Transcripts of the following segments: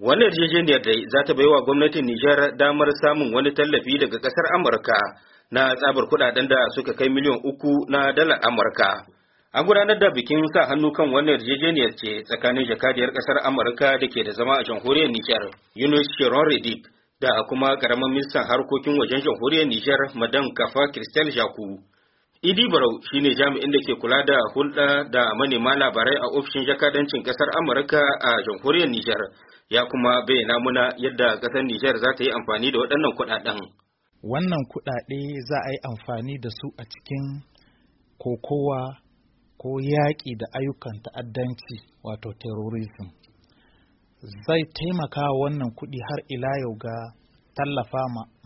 Wannan yarjejeniyar da za ta baiwa gwamnatin Nijar damar samun wani tallafi daga ƙasar Amurka na tsabar kudaden da suka kai miliyan uku na dalar Amurka. An gudanar da bikin sa hannu kan wannan yarjejeniyar ce tsakanin jakadiyar kasar Amurka da ke da zama a jamhuriyar Nijar, Yunus Shiron Redick, da kuma karamin ministan harkokin wajen jamhuriyar Nijar, Madam Kafa Kristel Jaku. Idi Barau shine jami'in da ke kula da hulɗa da manema labarai a ofishin jakadancin ƙasar Amurka a jamhuriyar Nijar, ya kuma bayyana muna yadda ƙasar Nijar za ta yi amfani da waɗannan kuɗaɗen. Wannan kuɗaɗe za a yi amfani da su a cikin kokowa ko yaƙi da ayyukan ta'addanci wato terrorism. Zai taimaka wannan kuɗi har ila yau ga tallafa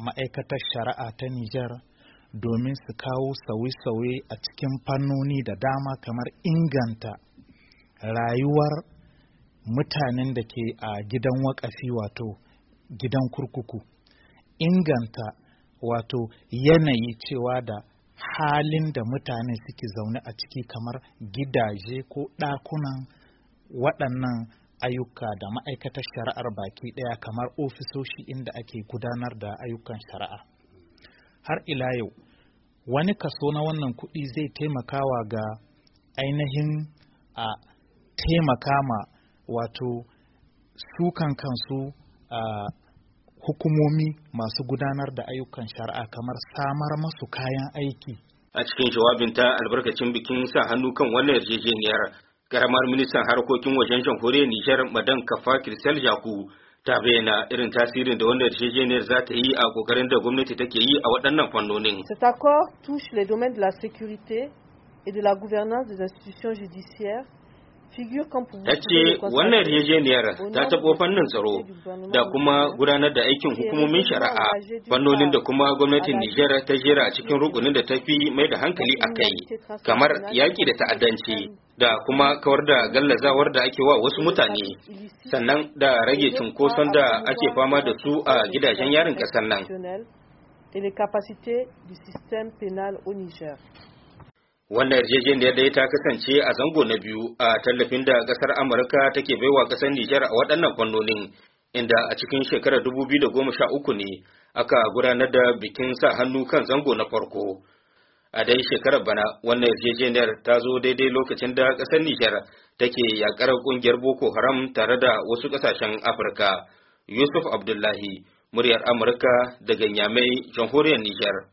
ma'aikatar shari'a ta Nijar. domin su kawo sauye-sauye a cikin fannoni da dama kamar inganta rayuwar mutanen da ke a gidan wakafi wato gidan kurkuku inganta wato yanayi cewa da halin da mutane suke zaune a ciki kamar gidaje ko ɗakunan waɗannan ayyuka da ma'aikatar shari'ar baki ɗaya kamar ofisoshi inda ake gudanar da ayyukan shari'a har ila yau wani kaso na wannan kuɗi zai taimakawa ga ainihin a taimaka ma wato su kansu a hukumomi masu gudanar da ayyukan shari'a kamar samar masu kayan aiki a cikin jawabinta albarkacin bikin sa hannu kan wannan yarjejeniyar karamar ministan harkokin wajen jamhuriyar nijar madan kafa kirsel jaku Cet accord touche les domaines de la sécurité et de la gouvernance des institutions judiciaires ta ce wannan yarjejeniyar ta taɓo fannin tsaro da kuma gudanar da aikin hukumomin shari'a fannonin da kuma gwamnatin Nijar ta jera a cikin rukunin da ta fi mai da hankali a kai kamar yaƙi da ta'addanci da kuma kawar da gallazawar da ake wa wasu mutane sannan da rage cunkoson da ake fama da su a gidajen yarin ƙasar nan. Et les capacités du système pénal wannan yarjejeniyar da ta kasance a zango na biyu a tallafin da kasar amurka take baiwa kasar nijar a waɗannan fannonin inda a cikin shekarar 2013 ne aka gudanar da bikin sa hannu kan zango na farko a dai shekarar bana wannan yarjejeniyar ta zo daidai lokacin da kasar nijar take yakar kungiyar boko haram tare da wasu kasashen afirka yusuf abdullahi muryar amurka daga nyamai jamhuriyar nijar